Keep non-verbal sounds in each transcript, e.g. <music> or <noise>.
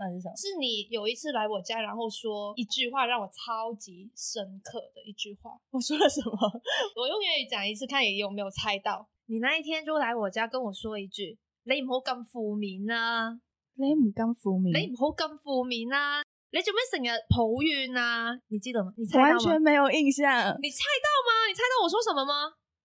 那是，什麼？是你有一次來我家，然後說一句話讓我超級深刻的一句話。我說了什麼？ <laughs> 我用粵語講一次，看你有沒有猜到。你那一天就來我家跟我說一句：“你唔好咁負面啊！”你唔咁負面，你唔好咁負面啊！你做咩成日抱怨啊？你記得嗎？你猜到嗎？你完全沒有印象。你猜到嗎？你猜到我說什麼嗎？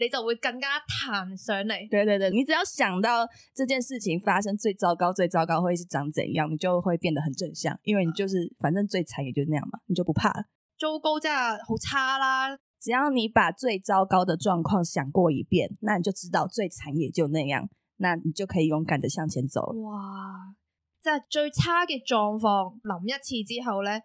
你就會更加彈上嚟。對對對，你只要想到這件事情發生最糟糕最糟糕會是長怎樣，你就會變得很正向，因為你就是、嗯、反正最慘也就那樣嘛，你就不怕了。糟糕真係好差啦，只要你把最糟糕的狀況想過一遍，那你就知道最慘也就那樣，那你就可以勇敢的向前走。哇！即係最差嘅狀況諗一次之後咧，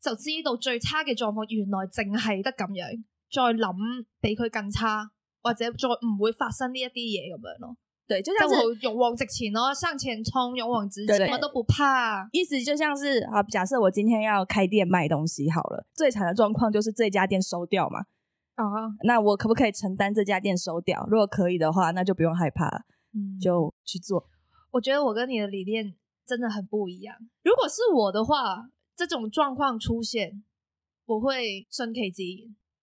就知道最差嘅狀況原來淨係得咁樣。再諗比佢更差，或者再唔會發生呢一啲嘢咁樣咯。對，就像是但我勇往直前咯，喔，向前衝，勇往直前，什麼都不怕、啊。意思就像是啊，假設我今天要開店賣東西，好了，最慘的狀況就是這家店收掉嘛。啊，那我可不可以承擔這家店收掉？如果可以的話，那就不用害怕了，嗯，就去做。我覺得我跟你的理念真的很不一樣。如果是我的話，這種狀況出現，我會升 K G。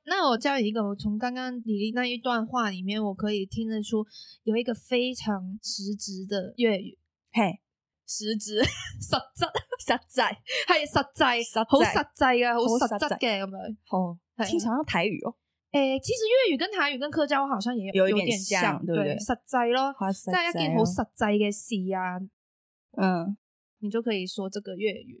<music> 那我教你一個，從剛剛你那一段話裏面，我可以聽得出有一個非常實質的粵語，嘿、hey.，實質、實質、實際，係實際、實好實際嘅，好實質嘅咁樣。的好的的的的 okay. 哦，聽起來像台語哦。誒、欸，其實粵語跟台語跟客家話好像也有有一點像，對不對？對實際咯，即係一件好實際嘅事啊，嗯，你就可以說這個粵語。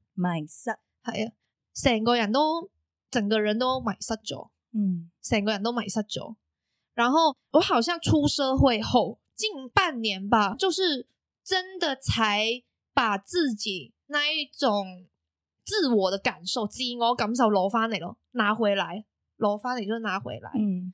迷失係啊，成個人都整個人都迷失咗，嗯，成個人都迷失咗。然後我好像出社會後近半年吧，就是真的才把自己那一種自我的感受、自我感受攞翻嚟咯，拿回來，攞翻嚟就拿回來，嗯。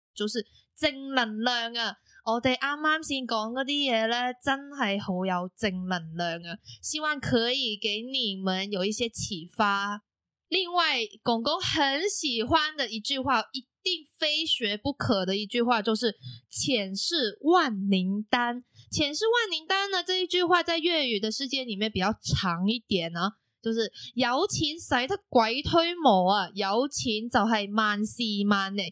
就是正能量啊！我哋啱啱先講嗰啲嘢咧，真係好有正能量啊！希望可以給你們有一些啟發。另外，龔龔很喜歡的一句話，一定非學不可的一句話，就是“錢是萬靈丹”。錢是萬靈丹呢？這一句話在粵語的世界裏面比較長一點啊，就是有錢使得鬼推磨啊，有錢就係萬事萬靈